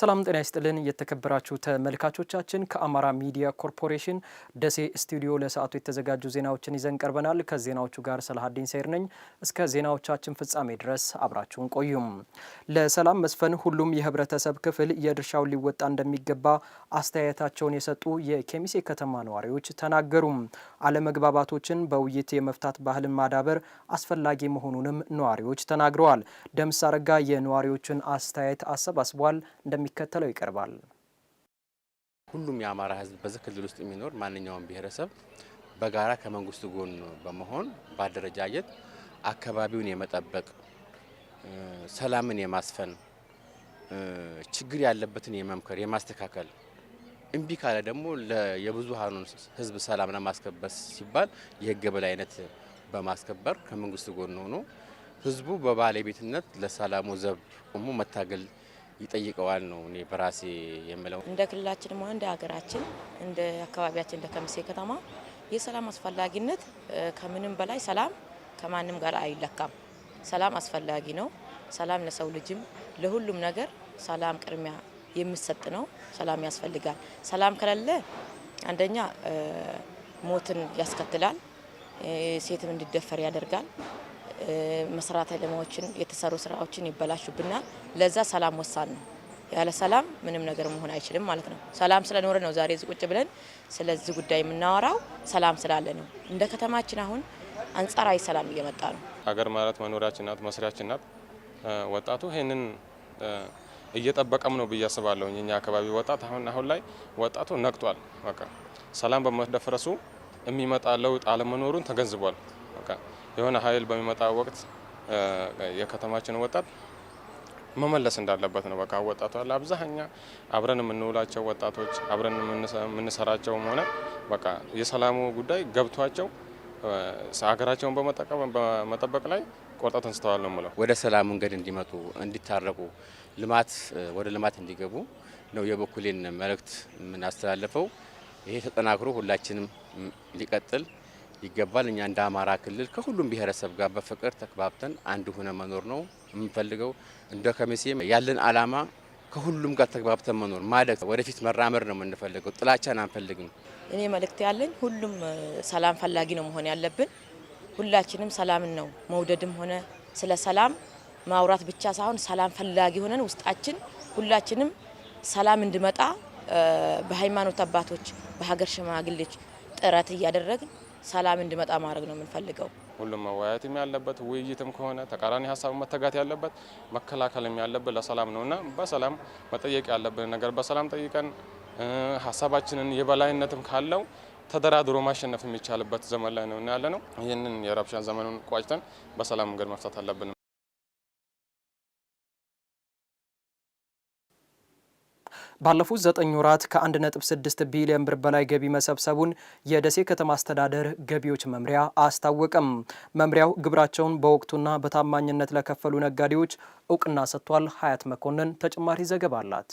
ሰላም ጤና ይስጥልን የተከበራችሁ ተመልካቾቻችን፣ ከአማራ ሚዲያ ኮርፖሬሽን ደሴ ስቱዲዮ ለሰዓቱ የተዘጋጁ ዜናዎችን ይዘን ቀርበናል። ከዜናዎቹ ጋር ሰላሀዲን ሰይር ነኝ። እስከ ዜናዎቻችን ፍጻሜ ድረስ አብራችሁን ቆዩም። ለሰላም መስፈን ሁሉም የህብረተሰብ ክፍል የድርሻውን ሊወጣ እንደሚገባ አስተያየታቸውን የሰጡ የኬሚሴ ከተማ ነዋሪዎች ተናገሩም። አለመግባባቶችን በውይይት የመፍታት ባህልን ማዳበር አስፈላጊ መሆኑንም ነዋሪዎች ተናግረዋል። ደምስ አረጋ የነዋሪዎችን አስተያየት አሰባስቧል። እንደሚከተለው ይቀርባል። ሁሉም የአማራ ህዝብ በዚህ ክልል ውስጥ የሚኖር ማንኛውም ብሔረሰብ በጋራ ከመንግስቱ ጎን በመሆን በአደረጃጀት አካባቢውን የመጠበቅ ሰላምን የማስፈን ችግር ያለበትን የመምከር የማስተካከል እምቢ ካለ ደግሞ የብዙሀኑን ህዝብ ሰላም ለማስከበር ሲባል የህገ በላይነት በማስከበር ከመንግስት ጎን ሆኖ ህዝቡ በባለቤትነት ለሰላሙ ዘብ ቆሞ መታገል ይጠይቀዋል ነው እኔ በራሴ የምለው። እንደ ክልላችን ሆነ እንደ ሀገራችን እንደ አካባቢያችን እንደ ከሚሴ ከተማ የሰላም አስፈላጊነት ከምንም በላይ ሰላም ከማንም ጋር አይለካም። ሰላም አስፈላጊ ነው። ሰላም ለሰው ልጅም ለሁሉም ነገር ሰላም ቅድሚያ የሚሰጥ ነው። ሰላም ያስፈልጋል። ሰላም ከሌለ አንደኛ ሞትን ያስከትላል፣ ሴትም እንዲደፈር ያደርጋል። መሰረተ ልማቶችን የተሰሩ ስራዎችን ይበላሹብናል። ለዛ ሰላም ወሳኝ ነው። ያለ ሰላም ምንም ነገር መሆን አይችልም ማለት ነው። ሰላም ስለኖረ ነው ዛሬ እዚህ ቁጭ ብለን ስለዚህ ጉዳይ የምናወራው ሰላም ስላለ ነው። እንደ ከተማችን አሁን አንጻራዊ ሰላም እየመጣ ነው። ሀገር ማለት መኖሪያችን ናት፣ መስሪያችን ናት። ወጣቱ ይህንን እየጠበቀም ነው ብዬ አስባለሁ። እኛ አካባቢ ወጣት አሁን አሁን ላይ ወጣቱ ነቅቷል። በቃ ሰላም በመደፈረሱ የሚመጣ ለውጥ አለመኖሩን ተገንዝቧል። የሆነ ኃይል በሚመጣ ወቅት የከተማችን ወጣት መመለስ እንዳለበት ነው። በቃ ወጣቱ ያለ አብዛኛ አብረን የምንውላቸው ወጣቶች አብረን የምንሰራቸውም ሆነ በቃ የሰላሙ ጉዳይ ገብቷቸው ሀገራቸውን በመጠበቅ ላይ ቆርጠት እንስተዋል ነው ምለው። ወደ ሰላም መንገድ እንዲመጡ እንዲታረቁ፣ ልማት ወደ ልማት እንዲገቡ ነው የበኩሌን መልእክት የምናስተላልፈው። ይሄ ተጠናክሮ ሁላችንም ሊቀጥል ይገባል። እኛ እንደ አማራ ክልል ከሁሉም ብሔረሰብ ጋር በፍቅር ተግባብተን አንድ ሆነ መኖር ነው የምንፈልገው። እንደ ከሚሴም ያለን አላማ ከሁሉም ጋር ተግባብተን መኖር ማለት ወደፊት መራመር ነው የምንፈልገው። ጥላቻን አንፈልግም። እኔ መልእክት ያለኝ ሁሉም ሰላም ፈላጊ ነው መሆን ያለብን። ሁላችንም ሰላምን ነው መውደድም ሆነ ስለ ሰላም ማውራት ብቻ ሳይሆን ሰላም ፈላጊ ሆነን ውስጣችን ሁላችንም ሰላም እንዲመጣ በሃይማኖት አባቶች፣ በሀገር ሽማግሌዎች ጥረት እያደረግን ሰላም እንዲመጣ ማድረግ ነው የምንፈልገው። ሁሉም መወያየትም ያለበት ውይይትም ከሆነ ተቃራኒ ሀሳብ መተጋት ያለበት መከላከልም ያለበት ለሰላም ነው እና በሰላም መጠየቅ ያለብን ነገር በሰላም ጠይቀን ሀሳባችንን የበላይነትም ካለው ተደራድሮ ማሸነፍ የሚቻልበት ዘመን ላይ ነው ያለ ነው። ይህንን የረብሻ ዘመኑን ቋጭተን በሰላም መንገድ መፍታት አለብን። ባለፉት ዘጠኝ ወራት ከ1.6 ቢሊዮን ብር በላይ ገቢ መሰብሰቡን የደሴ ከተማ አስተዳደር ገቢዎች መምሪያ አስታወቀም። መምሪያው ግብራቸውን በወቅቱና በታማኝነት ለከፈሉ ነጋዴዎች እውቅና ሰጥቷል። ሀያት መኮንን ተጨማሪ ዘገባ አላት።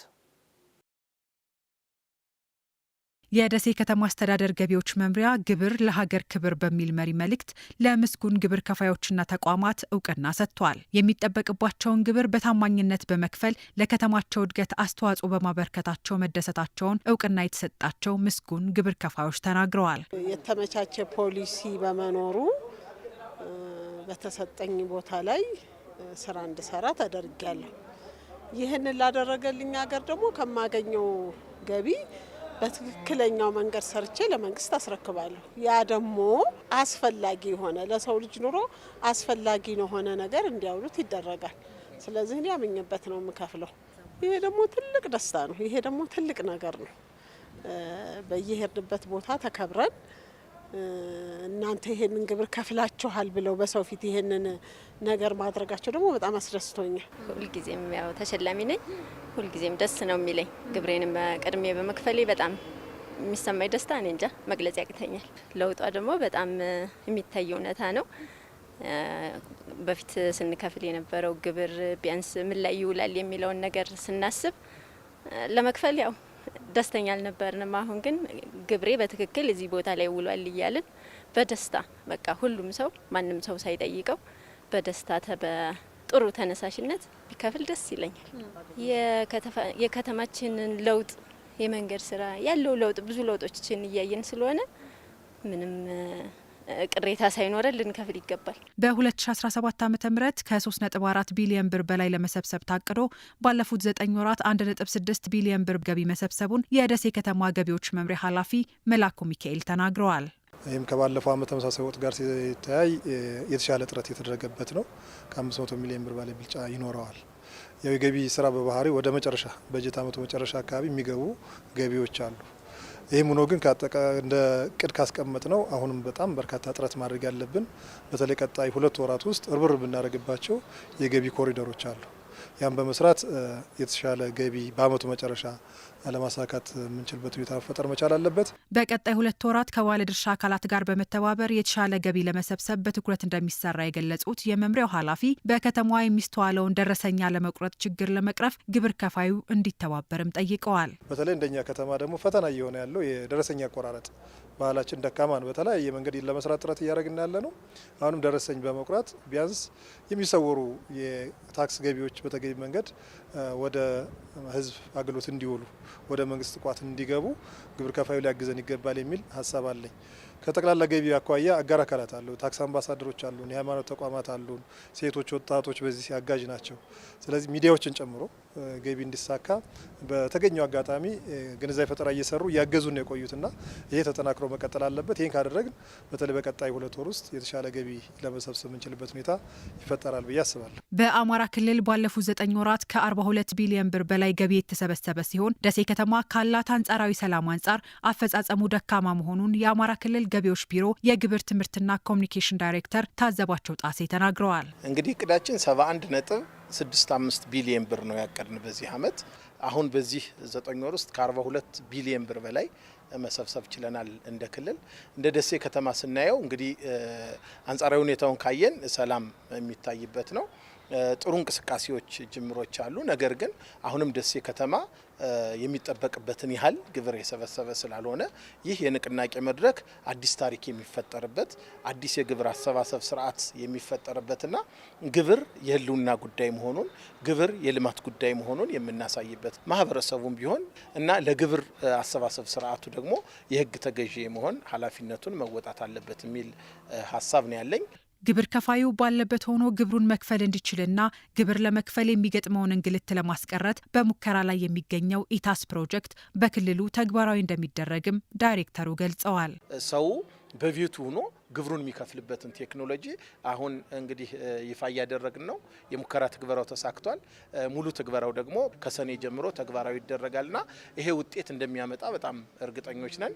የደሴ ከተማ አስተዳደር ገቢዎች መምሪያ ግብር ለሀገር ክብር በሚል መሪ መልእክት ለምስጉን ግብር ከፋዮችና ተቋማት እውቅና ሰጥቷል። የሚጠበቅባቸውን ግብር በታማኝነት በመክፈል ለከተማቸው እድገት አስተዋጽኦ በማበርከታቸው መደሰታቸውን እውቅና የተሰጣቸው ምስጉን ግብር ከፋዮች ተናግረዋል። የተመቻቸ ፖሊሲ በመኖሩ በተሰጠኝ ቦታ ላይ ስራ እንድሰራ ተደርጊያለሁ። ይህንን ላደረገልኝ ሀገር ደግሞ ከማገኘው ገቢ በትክክለኛው መንገድ ሰርቼ ለመንግስት አስረክባለሁ። ያ ደግሞ አስፈላጊ የሆነ ለሰው ልጅ ኑሮ አስፈላጊ የሆነ ነገር እንዲያውሉት ይደረጋል። ስለዚህ እኔ ያመኝበት ነው የምከፍለው። ይሄ ደግሞ ትልቅ ደስታ ነው። ይሄ ደግሞ ትልቅ ነገር ነው። በየሄድንበት ቦታ ተከብረን እናንተ ይሄንን ግብር ከፍላችኋል ብለው በሰው ፊት ይሄንን ነገር ማድረጋቸው ደግሞ በጣም አስደስቶኛል። ሁልጊዜም ያው ተሸላሚ ነኝ። ሁልጊዜም ደስ ነው የሚለኝ ግብሬንም በቅድሜ በመክፈሌ በጣም የሚሰማኝ ደስታ እኔ እንጃ መግለጽ ያቅተኛል። ለውጧ ደግሞ በጣም የሚታይ እውነታ ነው። በፊት ስንከፍል የነበረው ግብር ቢያንስ ምን ላይ ይውላል የሚለውን ነገር ስናስብ ለመክፈል ያው ደስተኛ አልነበርንም። አሁን ግን ግብሬ በትክክል እዚህ ቦታ ላይ ውሏል እያልን በደስታ በቃ ሁሉም ሰው ማንም ሰው ሳይጠይቀው በደስታ ጥሩ ተነሳሽነት ቢከፍል ደስ ይለኛል። የከተማችንን ለውጥ የመንገድ ስራ ያለው ለውጥ ብዙ ለውጦችን እያየን ስለሆነ ምንም ቅሬታ ሳይኖረን ልንከፍል ይገባል። በ2017 ዓ ም ከ3.4 ቢሊዮን ብር በላይ ለመሰብሰብ ታቅዶ ባለፉት 9 ወራት 1.6 ቢሊዮን ብር ገቢ መሰብሰቡን የደሴ ከተማ ገቢዎች መምሪያ ኃላፊ መላኩ ሚካኤል ተናግረዋል። ይህም ከባለፈው ዓመት ተመሳሳይ ወጥ ጋር ሲተያይ የተሻለ ጥረት የተደረገበት ነው። ከ500 ሚሊዮን ብር በላይ ብልጫ ይኖረዋል። ያው የገቢ ስራ በባህሪ ወደ መጨረሻ በጀት አመቱ መጨረሻ አካባቢ የሚገቡ ገቢዎች አሉ። ይህም ሆኖ ግን እንደ ቅድ ካስቀመጥ ነው አሁንም በጣም በርካታ ጥረት ማድረግ ያለብን በተለይ ቀጣይ ሁለት ወራት ውስጥ እርብር ብናደርግባቸው የገቢ ኮሪደሮች አሉ። ያን በመስራት የተሻለ ገቢ በአመቱ መጨረሻ አለማሳካት የምንችልበት ሁኔታ መፈጠር መቻል አለበት። በቀጣይ ሁለት ወራት ከባለ ድርሻ አካላት ጋር በመተባበር የተሻለ ገቢ ለመሰብሰብ በትኩረት እንደሚሰራ የገለጹት የመምሪያው ኃላፊ በከተማዋ የሚስተዋለውን ደረሰኛ ለመቁረጥ ችግር ለመቅረፍ ግብር ከፋዩ እንዲተባበርም ጠይቀዋል። በተለይ እንደኛ ከተማ ደግሞ ፈተና እየሆነ ያለው የደረሰኛ አቆራረጥ ባህላችን ደካማ ነው። በተለያየ መንገድ ለመስራት ጥረት እያደረግን ያለ ነው። አሁንም ደረሰኝ በመቁረጥ ቢያንስ የሚሰወሩ የታክስ ገቢዎች በተገቢ መንገድ ወደ ህዝብ አገልግሎት እንዲውሉ ወደ መንግስት ቋት እንዲገቡ ግብር ከፋዩ ሊያግዘን ይገባል የሚል ሀሳብ አለኝ። ከጠቅላላ ገቢ አኳያ አጋር አካላት አሉ። ታክስ አምባሳደሮች አሉን፣ የሃይማኖት ተቋማት አሉን፣ ሴቶች፣ ወጣቶች በዚህ አጋዥ ናቸው። ስለዚህ ሚዲያዎችን ጨምሮ ገቢ እንዲሳካ በተገኘው አጋጣሚ ግንዛቤ ፈጠራ እየሰሩ እያገዙ ነው የቆዩትና ይሄ ተጠናክሮ መቀጠል አለበት። ይህን ካደረግን በተለይ በቀጣይ ሁለት ወር ውስጥ የተሻለ ገቢ ለመሰብሰብ የምንችልበት ሁኔታ ይፈጠራል ብዬ አስባለሁ። በአማራ ክልል ባለፉት ዘጠኝ ወራት ከ42 ቢሊዮን ብር በላይ ገቢ የተሰበሰበ ሲሆን ደሴ ከተማ ካላት አንጻራዊ ሰላም አንጻር አፈጻጸሙ ደካማ መሆኑን የአማራ ክልል ገቢዎች ቢሮ የግብር ትምህርትና ኮሚኒኬሽን ዳይሬክተር ታዘባቸው ጣሴ ተናግረዋል። እንግዲህ እቅዳችን 71 ነጥብ 65 ቢሊየን ብር ነው ያቀድን በዚህ አመት። አሁን በዚህ ዘጠኝ ወር ውስጥ ከ42 ቢሊየን ብር በላይ መሰብሰብ ችለናል። እንደ ክልል እንደ ደሴ ከተማ ስናየው እንግዲህ አንጻራዊ ሁኔታውን ካየን ሰላም የሚታይበት ነው። ጥሩ እንቅስቃሴዎች ጅምሮች አሉ። ነገር ግን አሁንም ደሴ ከተማ የሚጠበቅበትን ያህል ግብር የሰበሰበ ስላልሆነ ይህ የንቅናቄ መድረክ አዲስ ታሪክ የሚፈጠርበት አዲስ የግብር አሰባሰብ ስርዓት የሚፈጠርበትና ግብር የህልውና ጉዳይ መሆኑን ግብር የልማት ጉዳይ መሆኑን የምናሳይበት ማህበረሰቡም ቢሆን እና ለግብር አሰባሰብ ስርዓቱ ደግሞ የህግ ተገዢ መሆን ኃላፊነቱን መወጣት አለበት የሚል ሀሳብ ነው ያለኝ። ግብር ከፋዩ ባለበት ሆኖ ግብሩን መክፈል እንዲችልና ግብር ለመክፈል የሚገጥመውን እንግልት ለማስቀረት በሙከራ ላይ የሚገኘው ኢታስ ፕሮጀክት በክልሉ ተግባራዊ እንደሚደረግም ዳይሬክተሩ ገልጸዋል። ሰው በቤቱ ሆኖ ግብሩን የሚከፍልበትን ቴክኖሎጂ አሁን እንግዲህ ይፋ እያደረግን ነው። የሙከራ ትግበራው ተሳክቷል። ሙሉ ትግበራው ደግሞ ከሰኔ ጀምሮ ተግባራዊ ይደረጋልና ይሄ ውጤት እንደሚያመጣ በጣም እርግጠኞች ነን።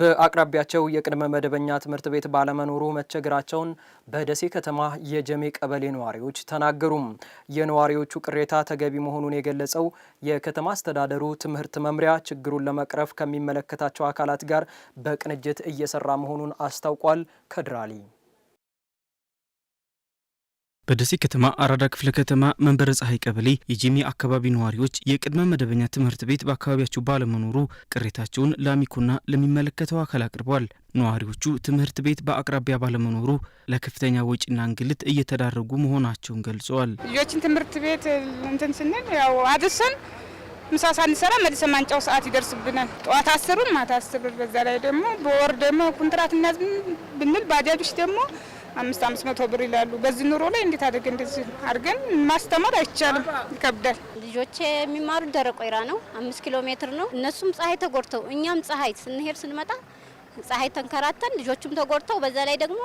በአቅራቢያቸው የቅድመ መደበኛ ትምህርት ቤት ባለመኖሩ መቸገራቸውን በደሴ ከተማ የጀሜ ቀበሌ ነዋሪዎች ተናገሩም። የነዋሪዎቹ ቅሬታ ተገቢ መሆኑን የገለጸው የከተማ አስተዳደሩ ትምህርት መምሪያ ችግሩን ለመቅረፍ ከሚመለከታቸው አካላት ጋር በቅንጅት እየሰራ መሆኑን አስታውቋል። ከድራሊ በደሴ ከተማ አራዳ ክፍለ ከተማ መንበረ ፀሐይ ቀበሌ የጂሚ አካባቢ ነዋሪዎች የቅድመ መደበኛ ትምህርት ቤት በአካባቢያቸው ባለመኖሩ ቅሬታቸውን ለአሚኮና ለሚመለከተው አካል አቅርበዋል። ነዋሪዎቹ ትምህርት ቤት በአቅራቢያ ባለመኖሩ ለከፍተኛ ወጪና እንግልት እየተዳረጉ መሆናቸውን ገልጸዋል። ልጆችን ትምህርት ቤት እንትን ስንል ያው አድርሰን ምሳ ሳንሰራ መልሰ ማንጫው ሰዓት ይደርስብናል። ጠዋት አስሩን ማታ በዛ ላይ ደግሞ በወር ደግሞ ኩንትራት እናዝ ብንል ባጃጆች ደግሞ አምስት አምስት መቶ ብር ይላሉ። በዚህ ኑሮ ላይ እንዴት አድርገን እንደዚህ አድርገን ማስተማር አይቻልም፣ ይከብዳል። ልጆቼ የሚማሩት ደረቅ ወይራ ነው፣ አምስት ኪሎ ሜትር ነው። እነሱም ፀሐይ ተጎድተው እኛም ፀሐይ ስንሄድ ስንመጣ ፀሐይ ተንከራተን ልጆቹም ተጎድተው በዛ ላይ ደግሞ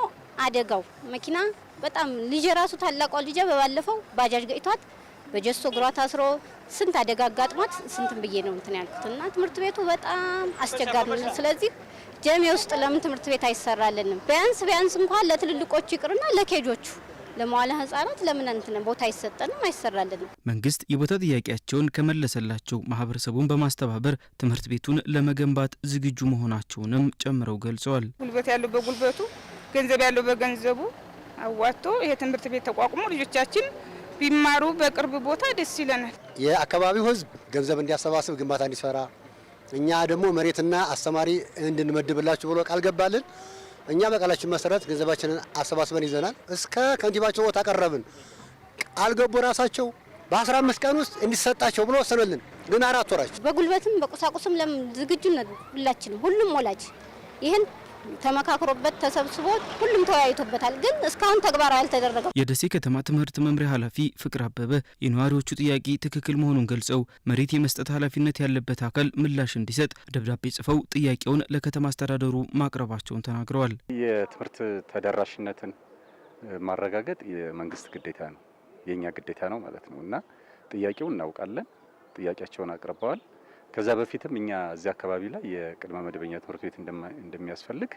አደጋው መኪና በጣም ልጅ ራሱ ታላቋ ልጄ በባለፈው ባጃጅ ገጭቷት በጀሶ እግሯ ታስሮ ስንት አደጋ አጋጥሟት ስንትን ብዬ ነው እንትን ያልኩት እና ትምህርት ቤቱ በጣም አስቸጋሪ ነው። ስለዚህ ጀሜ ውስጥ ለምን ትምህርት ቤት አይሰራልንም? ቢያንስ ቢያንስ እንኳን ለትልልቆቹ ይቅርና ለኬጆቹ ለመዋለ ህጻናት ለምን እንትን ቦታ አይሰጠንም አይሰራልንም? መንግስት የቦታ ጥያቄያቸውን ከመለሰላቸው ማህበረሰቡን በማስተባበር ትምህርት ቤቱን ለመገንባት ዝግጁ መሆናቸውንም ጨምረው ገልጸዋል። ጉልበት ያለው በጉልበቱ፣ ገንዘብ ያለው በገንዘቡ አዋጥቶ ይሄ ትምህርት ቤት ተቋቁሞ ልጆቻችን ቢማሩ በቅርብ ቦታ ደስ ይለናል። የአካባቢው ህዝብ ገንዘብ እንዲያሰባስብ ግንባታ እንዲሰራ እኛ ደግሞ መሬትና አስተማሪ እንድንመድብላችሁ ብሎ ቃል ገባልን። እኛ በቃላችን መሰረት ገንዘባችንን አሰባስበን ይዘናል። እስከ ከንቲባቸው ቦታ ቀረብን። ቃል ገቡ ራሳቸው በ15 ቀን ውስጥ እንዲሰጣቸው ብሎ ወሰኑልን። ግን አራት ወራች በጉልበትም በቁሳቁስም ዝግጁ ሁላችንም ሁሉም ወላጅ ይህን ተመካክሮበት ተሰብስቦ ሁሉም ተወያይቶበታል። ግን እስካሁን ተግባራዊ አልተደረገም። የደሴ ከተማ ትምህርት መምሪያ ኃላፊ ፍቅር አበበ የነዋሪዎቹ ጥያቄ ትክክል መሆኑን ገልጸው መሬት የመስጠት ኃላፊነት ያለበት አካል ምላሽ እንዲሰጥ ደብዳቤ ጽፈው ጥያቄውን ለከተማ አስተዳደሩ ማቅረባቸውን ተናግረዋል። የትምህርት ተደራሽነትን ማረጋገጥ የመንግስት ግዴታ ነው፣ የእኛ ግዴታ ነው ማለት ነው እና ጥያቄውን እናውቃለን። ጥያቄያቸውን አቅርበዋል። ከዛ በፊትም እኛ እዚህ አካባቢ ላይ የቅድመ መደበኛ ትምህርት ቤት እንደሚያስፈልግ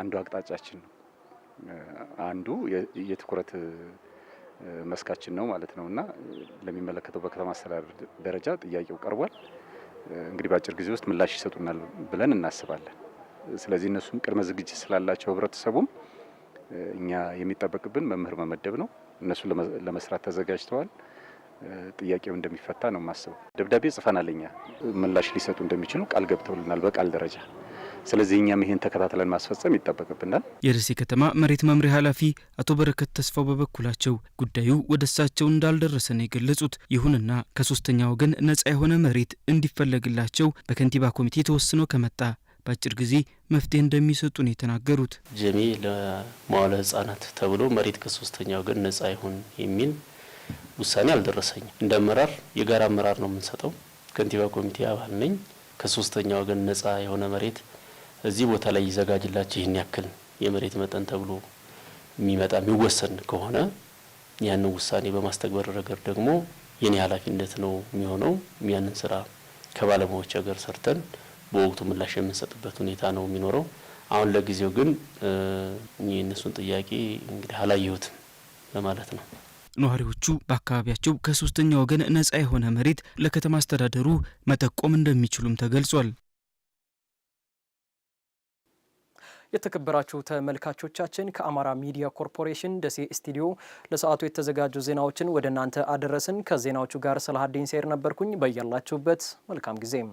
አንዱ አቅጣጫችን ነው፣ አንዱ የትኩረት መስካችን ነው ማለት ነው እና ለሚመለከተው በከተማ አስተዳደር ደረጃ ጥያቄው ቀርቧል። እንግዲህ በአጭር ጊዜ ውስጥ ምላሽ ይሰጡናል ብለን እናስባለን። ስለዚህ እነሱም ቅድመ ዝግጅት ስላላቸው ህብረተሰቡም እኛ የሚጠበቅብን መምህር መመደብ ነው። እነሱ ለመስራት ተዘጋጅተዋል። ጥያቄው እንደሚፈታ ነው የማስበው። ደብዳቤ ጽፈናል እኛ ምላሽ ሊሰጡ እንደሚችሉ ቃል ገብተውልናል በቃል ደረጃ። ስለዚህ እኛም ይህን ተከታትለን ማስፈጸም ይጠበቅብናል። የደሴ ከተማ መሬት መምሪያ ኃላፊ አቶ በረከት ተስፋው በበኩላቸው ጉዳዩ ወደ እሳቸው እንዳልደረሰ ነው የገለጹት። ይሁንና ከሶስተኛ ወገን ነጻ የሆነ መሬት እንዲፈለግላቸው በከንቲባ ኮሚቴ ተወስኖ ከመጣ በአጭር ጊዜ መፍትሄ እንደሚሰጡ ነው የተናገሩት። ጀሜ ለመዋለ ህጻናት ተብሎ መሬት ከሶስተኛ ወገን ነጻ ይሁን የሚል ውሳኔ አልደረሰኝም። እንደ አመራር የጋራ አመራር ነው የምንሰጠው። ከንቲባ ኮሚቴ አባል ነኝ። ከሶስተኛ ወገን ነጻ የሆነ መሬት እዚህ ቦታ ላይ ይዘጋጅላቸው ይህን ያክል የመሬት መጠን ተብሎ የሚመጣ የሚወሰን ከሆነ ያንን ውሳኔ በማስተግበር ረገድ ደግሞ የኔ ኃላፊነት ነው የሚሆነው። ያንን ስራ ከባለሙያዎች ጋር ሰርተን በወቅቱ ምላሽ የምንሰጥበት ሁኔታ ነው የሚኖረው። አሁን ለጊዜው ግን የእነሱን ጥያቄ እንግዲህ አላየሁትም ለማለት ነው። ነዋሪዎቹ በአካባቢያቸው ከሶስተኛ ወገን ነጻ የሆነ መሬት ለከተማ አስተዳደሩ መጠቆም እንደሚችሉም ተገልጿል። የተከበራችሁ ተመልካቾቻችን ከአማራ ሚዲያ ኮርፖሬሽን ደሴ ስቱዲዮ ለሰዓቱ የተዘጋጁ ዜናዎችን ወደ እናንተ አደረስን። ከዜናዎቹ ጋር ሰላሀዲን ሴር ነበርኩኝ። በያላችሁበት መልካም ጊዜም